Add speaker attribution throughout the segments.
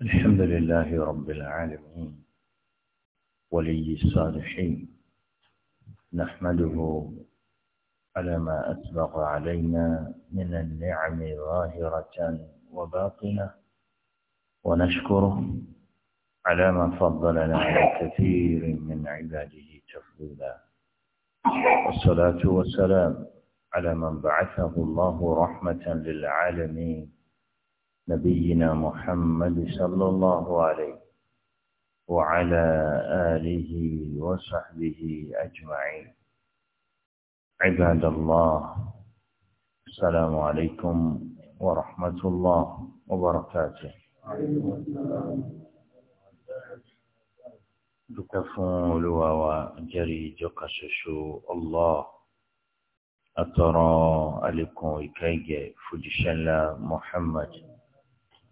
Speaker 1: الحمد لله رب العالمين ولي الصالحين نحمده على ما أسبق علينا من النعم ظاهرة وباطنة ونشكره على ما فضلنا على كثير من عباده تفضيلا والصلاة والسلام على من بعثه الله رحمة للعالمين نبينا محمد صلى الله عليه وعلى آله وصحبه أجمعين عباد الله السلام عليكم ورحمة الله وبركاته تكفون لوا وجري jẹ́rí الله أترى allah atọ́rọ àlékún محمد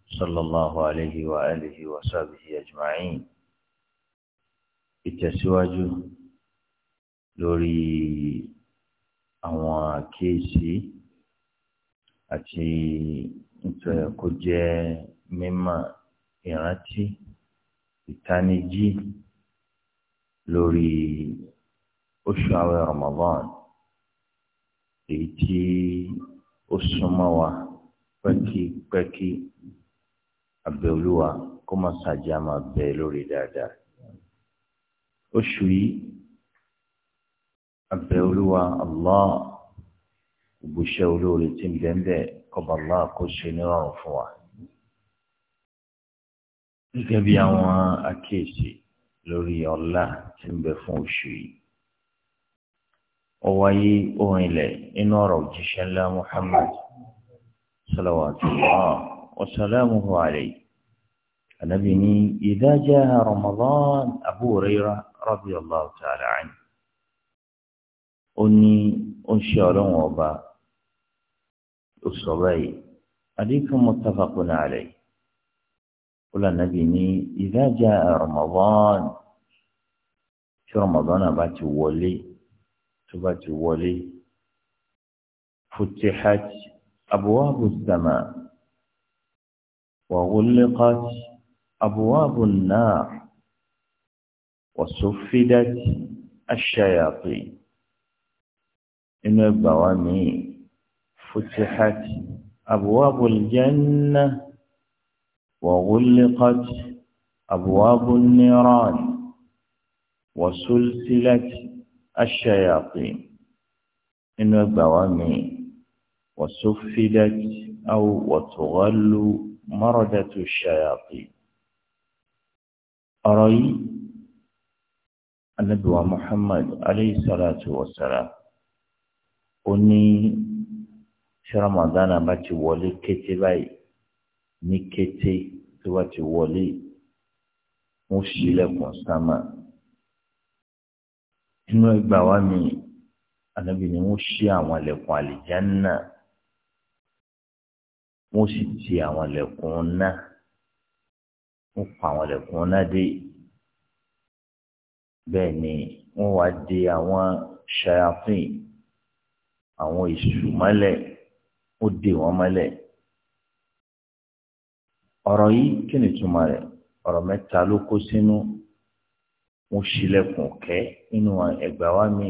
Speaker 1: صلى الله عليه وآله وصحبه أجمعين ìtẹ̀síwájú lórí àwọn àkíyèsí àti nítorí kó jẹ́ mímọ̀ ìrántí ìtanijí lórí oṣù àwẹ̀ Ramadan èyí tí ó súnmọ́ wa pẹ́kípẹ́kí. Peki, peki abẹ olúwa kó má ṣàjẹ́ àmọ́ abẹ lórí dáadáa oṣù yìí abẹ olúwa allah ìbùṣẹ olóore tí ń bẹ ń bẹ kọba allah kó ṣe nírọ̀rùn fún wa gẹ́gẹ́ bí àwọn akéèsì lórí ọlá tí ń bẹ fún oṣù yìí ọwọ́ ayé ilẹ̀ inú ọ̀rọ̀ òjíṣẹ́ ńlá muhammad salawatullah. وسلامه عليه النبي إذا جاء رمضان أبو ريرة رضي الله تعالى عنه أني أنشأ لهم وبا الصبي عليكم متفق عليه قل النبي إذا جاء رمضان في رمضان بات ولي تبات ولي فتحت أبواب السماء وغلقت أبواب النار وصفدت الشياطين إن البوامي فتحت أبواب الجنة وغلقت أبواب النيران وسلسلت الشياطين إن البوامي وصفدت أو وتغل maradatu shayatin ọ̀rọ̀ yìí Ànábì wa Muhammad alayhi salatu wa salam ó ní tí Ramadan bá ti wọlé kété báyìí ní kété tó bá ti wọlé wọ́n ṣílẹ̀kùn sámà inú ẹgbàá wa mi Ànábì ni wọ́n ṣí àwọn ẹlẹ́kùn àlìjánnà náà wọ́n sì ti àwọn ilẹ̀kùn náà wọ́n pa àwọn ilẹ̀kùn náà dé bẹ́ẹ̀ ni wọ́n wá de àwọn ṣayafin àwọn èṣù mọ́lẹ̀ ó de wọ́n mọ́lẹ̀ ọ̀rọ̀ yìí kí ni túmọ̀ rẹ̀ ọ̀rọ̀ mẹ́ta ló kó sínú wọ́n ṣílẹ̀kùn kẹ́ nínú ẹgbàá wa mi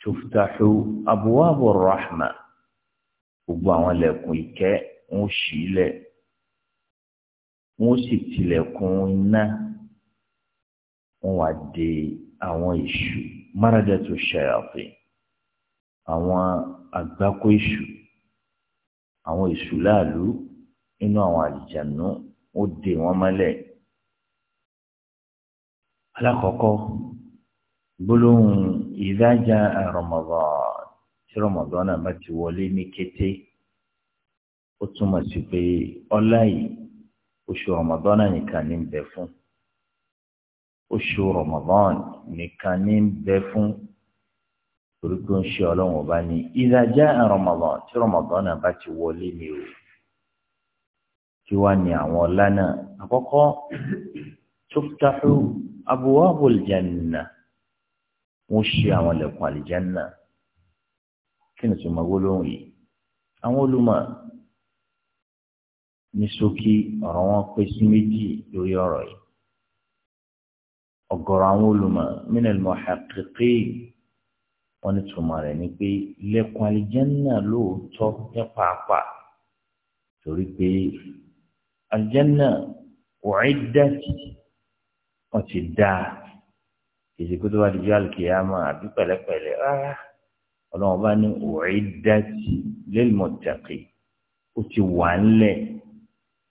Speaker 1: tuftahu abwabu rahma gbogbo àwọn ilẹ̀kùn ìkẹ́ wọn ṣì í lẹ̀ wọn sì tilẹ̀kùn iná wọn wá de àwọn èṣù máradẹ́tò ṣàyàfẹ́ àwọn àgbákò èṣù àwọn èṣù láàlú inú àwọn àlìjànú ó de wọn mọ́lẹ̀ alákọ̀ọ́kọ́ gbólóhùn ìdájà Ramadan tí Ramadan náà bá ti wọlé ní kété ó túmọ̀ sí pé ọlá yìí oṣù Ramadan náà nìkan ní bẹ fún oṣù Ramadan nìkan ní bẹ fún torí pé ń ṣe ọlọ́run ọba ní idha jaa Ramadan tí Ramadan náà bá ti wọlé ní o kí wá ní àwọn ọlá náà àkọ́kọ́ tuftahu abwaabul janna wọ́n ṣe àwọn ilẹ̀kùn àlìjánná kí ni tuma gbólóhùn yìí àwọn olùmọ̀ ní ṣókí ọ̀rọ̀ wọn pé sí méjì lórí ọ̀rọ̀ yìí ọ̀gọ̀rọ̀ àwọn olùmọ̀ minal muhaqqiqin wọn ní tuma rẹ̀ ni pé lẹ́kùn alìjẹ́nà lóòótọ́ ní pàápàá torí pé alìjẹ́nà u'iddat wọn ti dáa èsì tó bá di jọ́ àlùkìyàmọ́ àbí pẹ̀lẹ́pẹ̀lẹ́ rárá ọlọ́run bá ní u'iddati lil muttaqin ó ti wà ńlẹ̀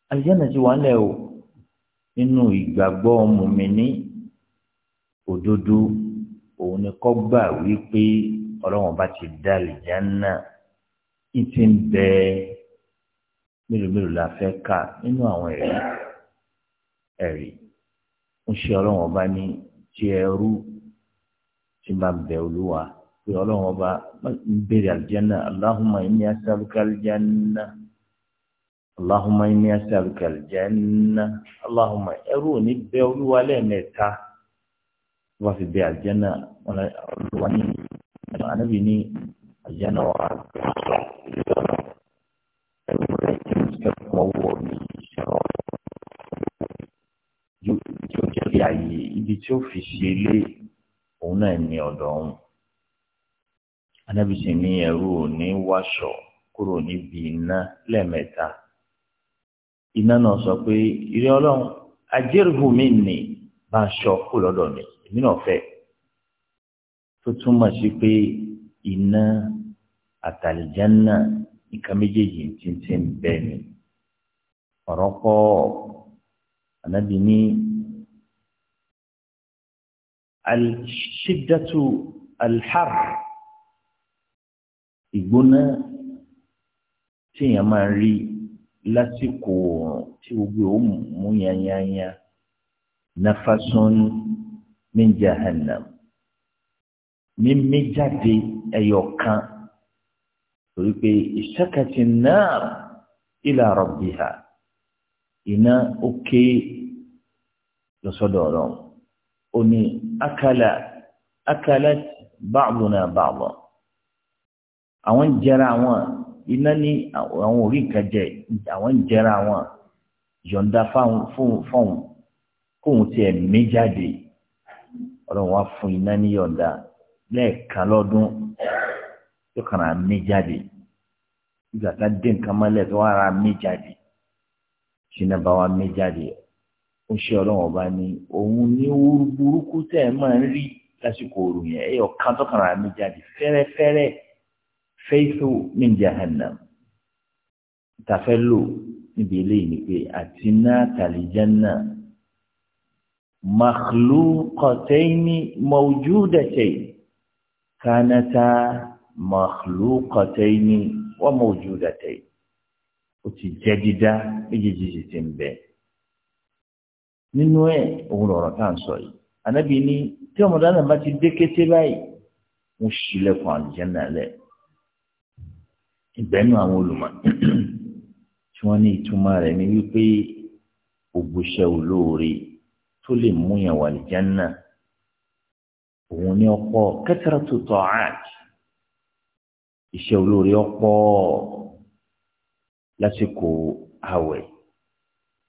Speaker 1: àlùjánnà ti wà ńlẹ̀ o nínú ìgbàgbọ́ mùmíní òdodo òun ni kọ́ gbà wípé ọlọ́run bá ti dá àlùjánnà ìtì ń bẹ mélòó la fẹ́ kà nínú àwọn ẹ̀rí ẹ̀rí ń ṣe ọlọ́run ọba ní tí ẹrú ti máa bẹ olúwa pé ọlọ́run ọba béèrè àlùjáná aláhùnmá ìní asábùkà àlùjáná aláhùnmá ìní asábùkà àlùjáná aláhùnmá ẹrú òní bẹ olúwa lẹ́ẹ̀mẹ́ta tó bá fi bẹ àlùjáná ọlọ́wà ní ànábì ní àlùjáná wà sọ ẹrú rẹ kí n kẹ́kọ̀ọ́ wọ̀ ibi tí ó fi ṣe lé òun náà ní ọ̀dọ̀ ọ̀hún anábìsì ní ẹrú ò ní wáṣọ kúrò níbi iná lẹ́ẹ̀mẹ́ta iná náà sọ pé ìrẹ́ ọlọ́run ajẹ́rìhù mi nì bá aṣọ kú lọ́dọ̀ mi èmi náà fẹ́ tó túmọ̀ sí pé iná àtàlìjánná nǹkan méjèèjì ti ti ń bẹ mi ọ̀rọ̀ pọ̀ ànábì ní al-shiddatu ìgbóná tí èèyàn máa ń rí lásìkò oòrùn tí gbogbo ò mú yányányá nafasun min jahannam mímí jáde ẹyọ kan torí pé ìṣàkàtì náà ila rabbiha iná òkè lọ́sọ̀dọ̀ ọ̀rọ̀ ó ní akala akalat ba'duna ba'dan àwọn ń jẹra àwọn iná ní àwọn orí nǹkan jẹ àwọn ń jẹra àwọn yọ̀ǹda fáwọn fóun kóun tiẹ̀ mí jáde ọlọ́run wá fún iná ní yọ̀ǹda lẹ́ẹ̀kan lọ́dún tó kàn án mí ìgbà tá dé nǹkan mọ́lẹ̀ tó wàá ra mí ṣìnà bá wa mí jáde ó ṣe ọlọ́run ọba ní òun ní burúkú tẹ̀ máa ń rí lásìkò òru yẹn ẹ̀yọ̀ kan tó kàn án mí fẹ́rẹ́fẹ́rẹ́ fẹ́ẹ́fù ní jahannam tàfẹ́ lò níbi eléyìí ni pé àti náà tàlìjánná makhluqatayni mawjudatayni kánátà makhluqatayni wa mawjudatayni ó ti jẹ́ dídá méjèèjì sì ti ń bẹ nínú ẹ̀ òun lọ̀rọ̀ tá à ń sọ yìí ànábì ní tí ọmọdé náà bá ti dé kété báyìí wọ́n ṣílẹ̀kùn àlùjànnà lẹ̀ ìbẹ́nu àwọn olùmọ̀ tí wọ́n ní ìtumọ̀ rẹ̀ ni wípé ògbóṣẹ́ olóore tó lè mú yàn wà ní jánà òun ní ọ̀pọ̀ kẹtẹrẹ tó tọ àjì iṣẹ́ olóore ọ̀pọ̀ lásìkò àwẹ̀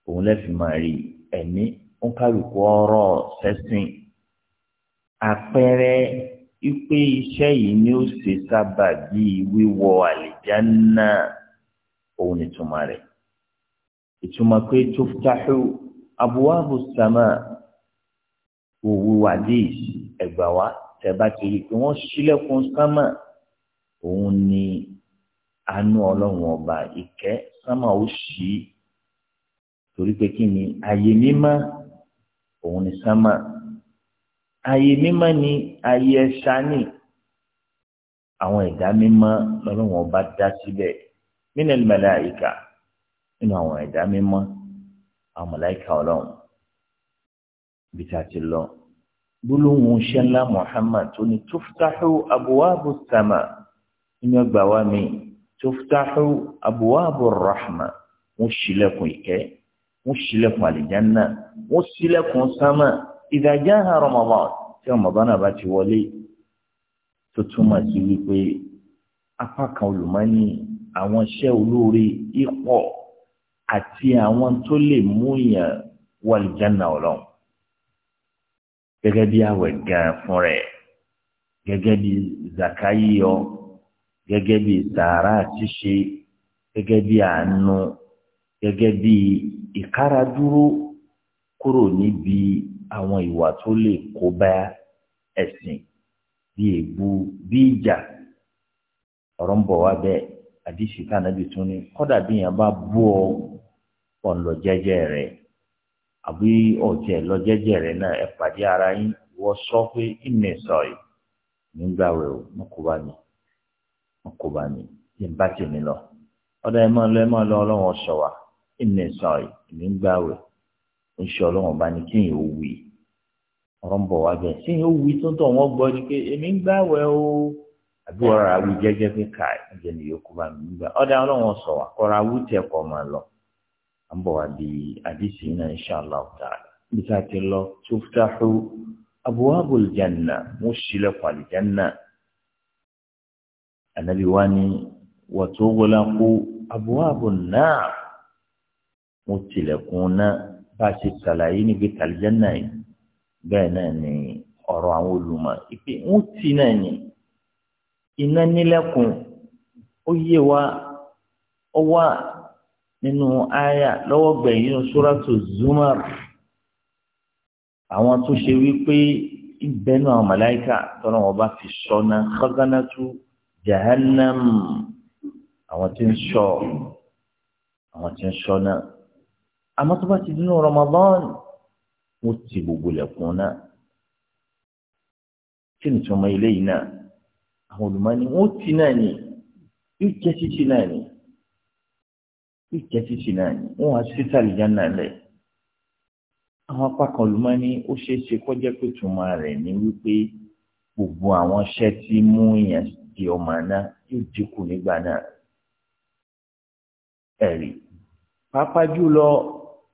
Speaker 1: òun lẹfì máa rí ẹ̀mí ó kálukú ọ̀rọ̀ sẹsìn àpẹẹrẹ ipe iṣẹ́ yìí ni ó ṣe sábà bí wíwọ àlìjánná òun ìtumọ̀ rẹ̀ ìtumọ̀ pé tuftahu abuwaabu sama òwú wadis ẹgbà wa tẹ̀bá ti rí i pé wọ́n ṣílẹ̀kùn sámà òun ni àánú ọlọ́run ọba ìkẹ́ sama. ó ṣí torí pé kí ni àyè mímá òun ni sámà ààyè mímọ́ ni ààyè ẹ̀ṣá ni àwọn ẹ̀dá mímọ́ lọ́lọ́wọ́n bá dá síbẹ̀ nínú màláíkà nínú àwọn ẹ̀dá mímọ́ àwọn màláíkà ọlọ́run bí tá a ti lọ gbólóhùn ṣẹlá Muhammad tó ní tófútáhù abwabu sàmà nínú ọgbà wa mi tófútáhù abwabu rahma wọ́n ṣílẹ̀kùn ìkẹ́ wọ́n ṣílẹ̀kùn àlìjánná wọ́n ṣílẹ̀kùn sámà ìdájá hàn Ramadan tí Ramadan náà bá ti wọlé tó túmọ̀ sí wípé apá kan olùmọ́ni àwọn iṣẹ́ olóore ipò àti àwọn tó lè mú yàn wọ àlùjánnà ọlọ́run gẹ́gẹ́ bí àwẹ̀ gan fún rẹ̀ gẹ́gẹ́ bí zaka gẹ́gẹ́ bí sàárà ṣíṣe gẹ́gẹ́ bí àánú gẹ́gẹ́ bí ìkáradúró kúrò níbi àwọn ìwà tó lè kó bá ẹ̀sìn bí ègbú bí ìjà ọ̀rọ̀ ń bọ̀ wá bẹ́ẹ̀ àdìsí kànábì tún ní kọ́dà bí yẹn bá bú ọ ọ̀nlọ jẹ́jẹ́ rẹ̀ àbí ọ̀jẹ̀ lọ jẹ́jẹ́ rẹ̀ náà ẹ pàdé ara yín wọ́n sọ pé ìmẹ̀ sọ yìí nígbà wẹ̀ o wọn kò bá mi wọn kò bá mi yẹ bá tèmi lọ ọ̀dà ẹ̀ máa lọ ẹ̀ máa lọ ọlọ́wọ́n sọ wa ìmẹ̀ sọ yìí nígbà wẹ̀ oṣù ọlọ́run bá ní kéèyàn ó wí ọ̀rọ̀ ń bọ̀ wá bẹ́ẹ̀ kéèyàn ó wí tó ń tọ̀ wọ́n gbọ́ ni pé èmi ń gbàwẹ̀ o àbí wọ́n ra awí jẹ́jẹ́ pé ká ẹ̀jẹ̀ ni yòókù bá mi gbà ọ̀dà ọlọ́run sọ wà kọ́ra awí tẹ̀ kọ́ máa lọ à ń bọ̀ wá di àdìsí náà inshallah ta'ala bí ká ti lọ tuftahu abwabul janna wọ́n ṣílẹ̀kùn àlìjánà ànábi wá ní wọ́n tó wọlé kó abwabun nar wọ́n tilẹ̀kùn náà bá a ṣe ṣàlàyé níbi tàlìjánà yìí bẹ́ẹ̀ náà ni ọ̀rọ̀ àwọn olùmọ̀ ìpè ń tì náà ni iná nílẹ̀kùn ó yé wa ó wà nínú àyà lọ́wọ́ gbẹ̀yìn suratu Zumar àwọn tó ṣe wípé ìbẹ́nu àwọn màláìka tọ́nà wọn bá fi sọ́nà khaganatu jahannam àwọn tí ń sọ àwọn tí ń sọ náà àmọ́ tó bá ti dúnú Ramadan wọ́n ti gbogbo lẹ̀kùn náà kí ni tí wọ́n mọ eléyìí náà àwọn olùmọ́ni wọ́n ti náà ni yóò jẹ́ títí náà ni yóò jẹ́ títí náà ni wọ́n á sí sàlìjà náà lẹ̀ àwọn apá kan olùmọ́ni ó ṣeé ṣe kọ́jẹ́ pé tùmọ̀ rẹ̀ ni wípé gbogbo àwọn iṣẹ́ tí mú yàn di ọmọ náà yóò dínkù nígbà náà ẹ̀rí pàápàá jùlọ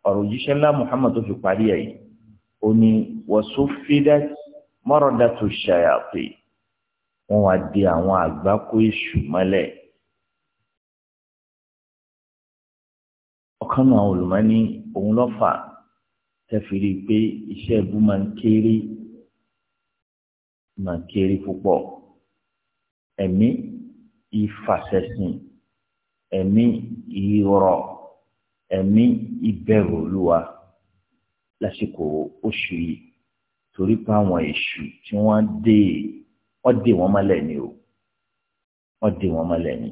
Speaker 1: ọ̀rọ̀ òjíṣẹ́ ńlá Muhammad tó fi parí ẹ̀ yìí ó ní wọ́sọ fídá mọ́rọ̀dá tó ṣàyàpè wọ́n wá di àwọn àgbákò èṣù mọ́lẹ̀. ọ̀kan náà olùmọ́ni òun lọ́fà tẹ́fìrí pé iṣẹ́ ìbú máa ń kéré máa ń kéré púpọ̀ ẹ̀mí ìfàṣẹ̀sìn ẹ̀mí ìrọ̀ ẹ̀mí ìbẹ̀rù olúwa lásìkò oṣù yìí torí pé àwọn èṣù tí wọ́n dé wọ́n dé wọ́n mọ́lẹ̀ ni o wọ́n dé wọ́n mọ́lẹ̀ ni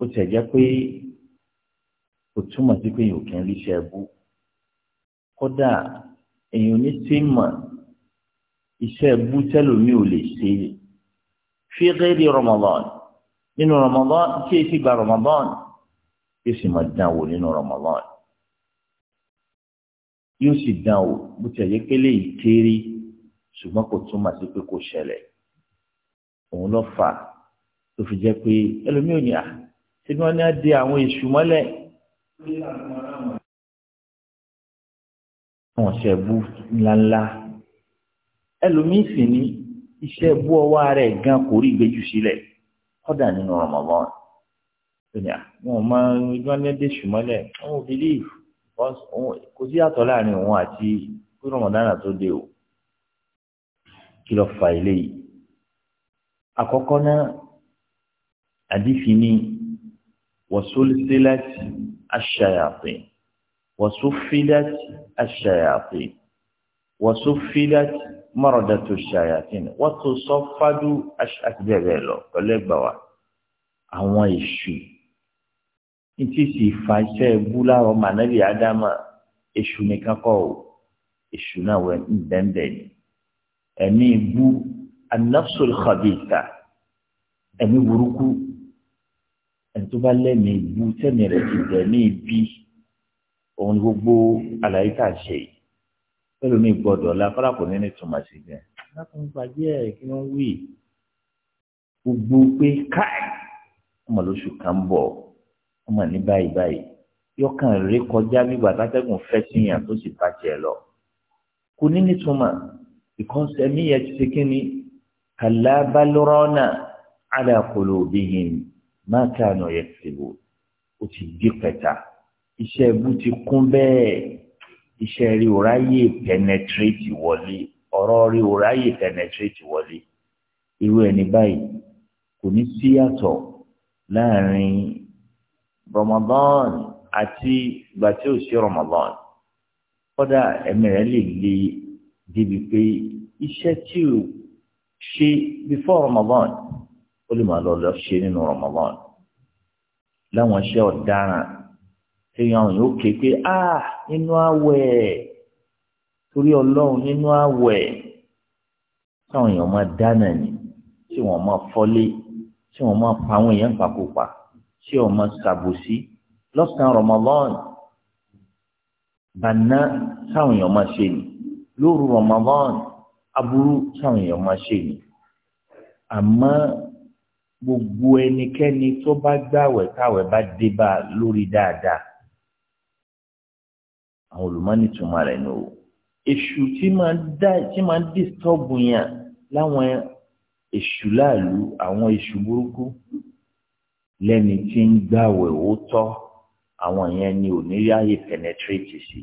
Speaker 1: ó ti jẹ́ pé kò túmọ̀ sí pé yòókì ń ríṣẹ́ bú kódà èèyàn ní sí mọ̀ iṣẹ́ bú tẹ́lómi ò lè ṣe fi ghairi Ramadan nínú Ramadan tí èsì gba Ramadan yóò sì máa dán wò nínú Ramadan yóò sì dán wò bó ti ẹ̀yẹ kélé yìí kéré ṣùgbọ́n kò túmọ̀ sí pé kò ṣẹlẹ̀ òun ló fà tó fi jẹ́ pé ẹlòmíì ò à ah, ṣé bí di àwọn èṣù mọ́lẹ̀ àwọn ṣe bú ńláńlá ẹlòmíì sì ní iṣẹ́ bú ọwọ́ rẹ̀ gan kò rí ìgbéjù sílẹ̀ kọ́dà nínú Ramadan ìyá wọn máa ń gbọ́ndé sùmọ́lẹ̀ wọn ò believe kò sí àtọ̀ láàrin òun àti kí rọmọdánà tó dé o kí ló fa eléyìí àkọ́kọ́ náà àdìfí ni wàsólísílát aṣàyàpè wàsófílát aṣàyàpè wàsófílát mọ́rọ̀dàtò ṣàyàpè wàtò sọ́fádù lọ pẹ̀lú ẹgbàá wa àwọn èṣù ntí sì fa iṣẹ́ ẹbú láwọn mànàbí ádámà èṣù nìkan kọ́ o èṣù náà wẹ̀ ń bẹ́ẹ̀ ni ẹ̀mí ibú anafsul khabita ẹ̀mí burúkú ẹ̀tọ́ bá lẹ́mí ibú sẹ́mi rẹ̀ ti dẹ̀mí ibi òun ni gbogbo àlàyé tá a ṣe yìí pẹ̀lú mi gbọ́dọ̀ la fọlá kò ní ní túmọ̀ sí gan lákùn gbàgbé ẹ̀ kí wọ́n wí gbogbo pé káì ọmọ kan bọ̀ ọ́ ọmọ ní báyìí báyìí yọkàn rẹ kọjá nígbà tátẹ́gùn fẹ́ síyàn tó sì bá tiẹ̀ lọ kò ní nítumọ̀ ìkọ́nsẹ̀mí yẹn ti ṣe kí ni kàlá bá lọ́rọ́ náà ala qulubihim ma kanu yaktubu ó ti di pẹ̀ta iṣẹ́ ẹbú ti kún bẹ́ẹ̀ iṣẹ́ rí òráyè penetrate wọlé ọ̀rọ̀ rí òráyè penetrate wọlé irú ẹni báyìí kò ní síyàtọ̀ láàrin Ramadan àti ìgbà tí ò sí Ramadan kódà ẹ̀mí rẹ̀ lè le débi pé iṣẹ́ tí ò ṣe before Ramadan ó lè máa lọ lọ ṣe nínú Ramadan láwọn iṣẹ́ ọ̀daràn èèyàn yóò ké pé a ah, nínú àwẹ̀ torí ọlọ́run nínú àwẹ̀ táwọn èèyàn máa dáná ni tí wọ́n máa fọ́lé tí wọ́n máa pa àwọn èèyàn pàkópa tí ọmọ ṣàbòsí lọ́sàn-án Ramadan bàná sáwọn èèyàn máa ṣe ni lóru Ramadan aburú sáwọn èèyàn máa ṣe ni àmọ́ gbogbo ẹnikẹ́ni tó bá gbàwẹ̀ táwẹ̀ bá dé bá lórí dáadáa àwọn olùmọ́ni túmọ̀ rẹ̀ ni o èṣù tí máa dá tí máa dìstọ́bù yẹn láwọn èṣù láàlú àwọn èṣù burúkú lẹ́ni tí ń gbàwẹ̀ òótọ́ àwọn yẹn ni ò ní ráyè penetrate sí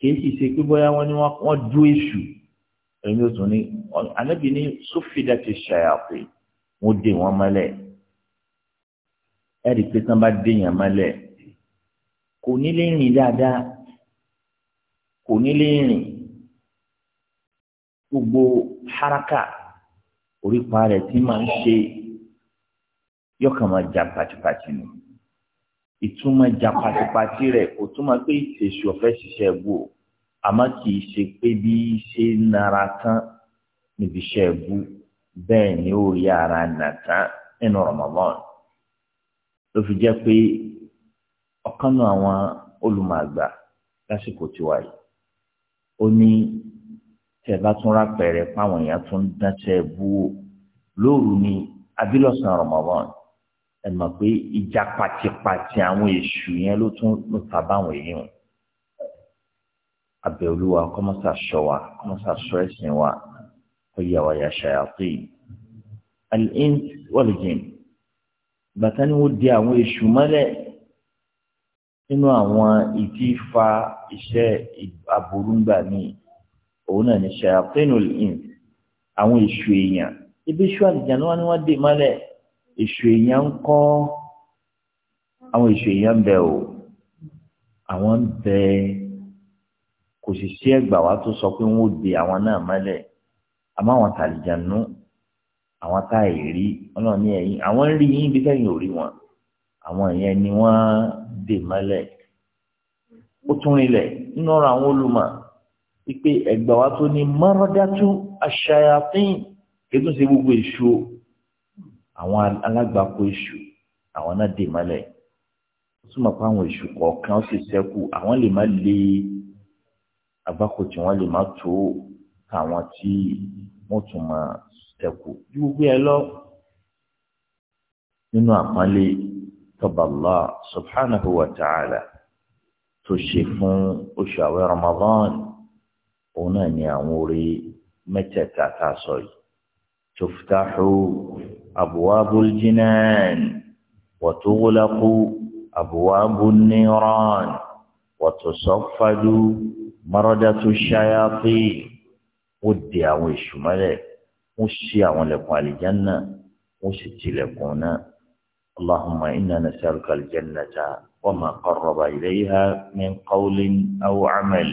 Speaker 1: kìí sì ṣe pé bóyá wọ́n ní wọ́n dú èṣù ẹni ó tún ní anábì ní sófìdá ti ṣàyàpè wọ́n dé wọn mọ́lẹ̀ ẹ̀rí pé tán bá déyàn mọ́lẹ̀ kò ní lè rìn dáadáa kò ní lè rìn gbogbo haraka orípa rẹ̀ tí máa ń ṣe yọkàn máa ja pàtìpàtì nù ìtumọ̀ ja pàtìpàtì rẹ̀ kò túmọ̀ pé ìṣèṣù ọ̀fẹ́ ṣiṣẹ́ ẹ̀bù o àmọ́ kì í ṣe pé bí ṣe nara tán níbi iṣẹ́ ẹ̀bù bẹ́ẹ̀ ni ó rí ara nà tán nínú Ramadan ló fi jẹ́ pé ọ̀kan náà àwọn olùmọ̀àgbà lásìkò tiwa yìí ó ní tẹ̀ bá tún rápẹ̀rẹ̀ páwọn èèyàn tún dáṣẹ́ ẹ̀bù o lóru ni abilọ̀sán Ramadan ẹ mọ̀ pé ìjà pàtìpàtì àwọn èṣù yẹn ló tún ló fà báwọn èèyàn abẹ olúwa kọmọsà sọ wa kọmọsà sọ ẹsìn wa ó yà wá yà ṣàyàtì al-ins wal-jinn bàtà ni wọ́n di àwọn èṣù mọ́lẹ̀ nínú àwọn ìdí fa iṣẹ́ aburúngbà ní òun náà ní ṣàyàtì nù al àwọn èṣù èèyàn ibi ṣú àlìjáná ni wọ́n dè mọ́lẹ̀ èṣù èèyàn ń kọ́ àwọn èṣù èèyàn ń bẹ o àwọn ń bẹ kò sì sí ẹgbà wa tó sọ pé wọn ò de àwọn náà mọ́lẹ̀ àmọ́ àwọn tàlìjànú àwọn tá à rí Ọlọ́run ní ẹ̀yìn àwọn rí yín bí sẹ́yìn ò rí wọn àwọn yẹn ni wọ́n dè mọ́lẹ̀ ó tún rinlẹ̀ nínú ọ̀rọ̀ àwọn olùmọ̀ wípé ẹgbà wa tó ní mọrọdátú aṣayàfín kí tó ṣe gbogbo èṣù àwọn alágbàkọ èṣù àwọn náà dè mọ́lẹ̀ ó túmọ̀ pé àwọn èṣù kọ̀ọ̀kan sì ṣẹ́kù àwọn lè má lè àgbákò tí wọ́n lè má tó àwọn tí wọ́n tún máa ṣẹ́kù ju gbogbo ẹ lọ nínú àpọ́nlé tọ́balá subhanahu wa ta'ala tó ṣe fún oṣù àwẹ̀ Ramadan òun náà ni àwọn orí mẹ́tẹ̀ẹ̀ta tá a sọ yìí tó fi táhù. أبواب الجنان وتغلق أبواب النيران وتصفد مردة الشياطين ودي àwọn èṣù mọ́lẹ̀ wọ́n ṣí àwọn اللهم إنا نسألك الجنة وما قرب إليها من قول أو عمل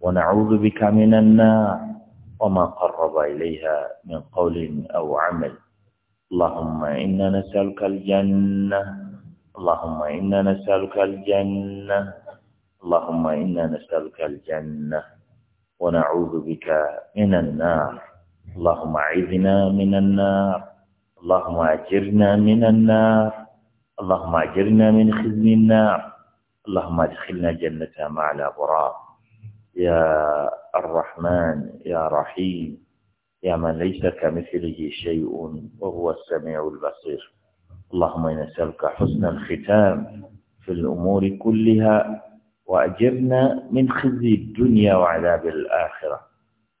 Speaker 1: ونعوذ بك من النار وما قرب إليها من قول أو عمل اللهم إنا نسألك الجنة اللهم إنا نسألك الجنة اللهم إنا نسألك الجنة ونعوذ بك من النار اللهم أعذنا من النار اللهم أجرنا من النار اللهم أجرنا من خزي النار اللهم ادخلنا جنة مع الأبرار يا الرحمن يا رحيم يا من ليس كمثله شيء وهو السميع البصير اللهم نسألك حسن الختام في الأمور كلها وأجرنا من خزي الدنيا وعذاب الآخرة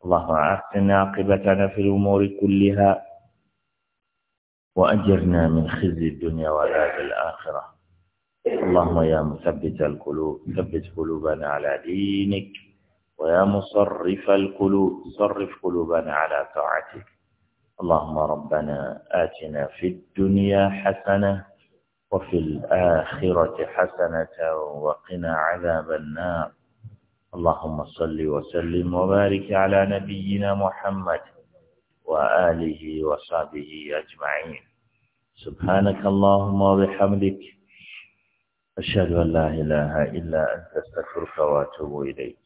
Speaker 1: اللهم أحسن عاقبتنا في الأمور كلها وأجرنا من خزي الدنيا وعذاب الآخرة اللهم يا مثبت القلوب ثبت قلوبنا على دينك ويا مصرف القلوب صرف قلوبنا على طاعتك اللهم ربنا آتنا في الدنيا حسنة وفي الآخرة حسنة وقنا عذاب النار اللهم صل وسلم وبارك على نبينا محمد وآله وصحبه أجمعين سبحانك اللهم وبحمدك أشهد أن لا إله إلا أنت استغفرك وأتوب إليك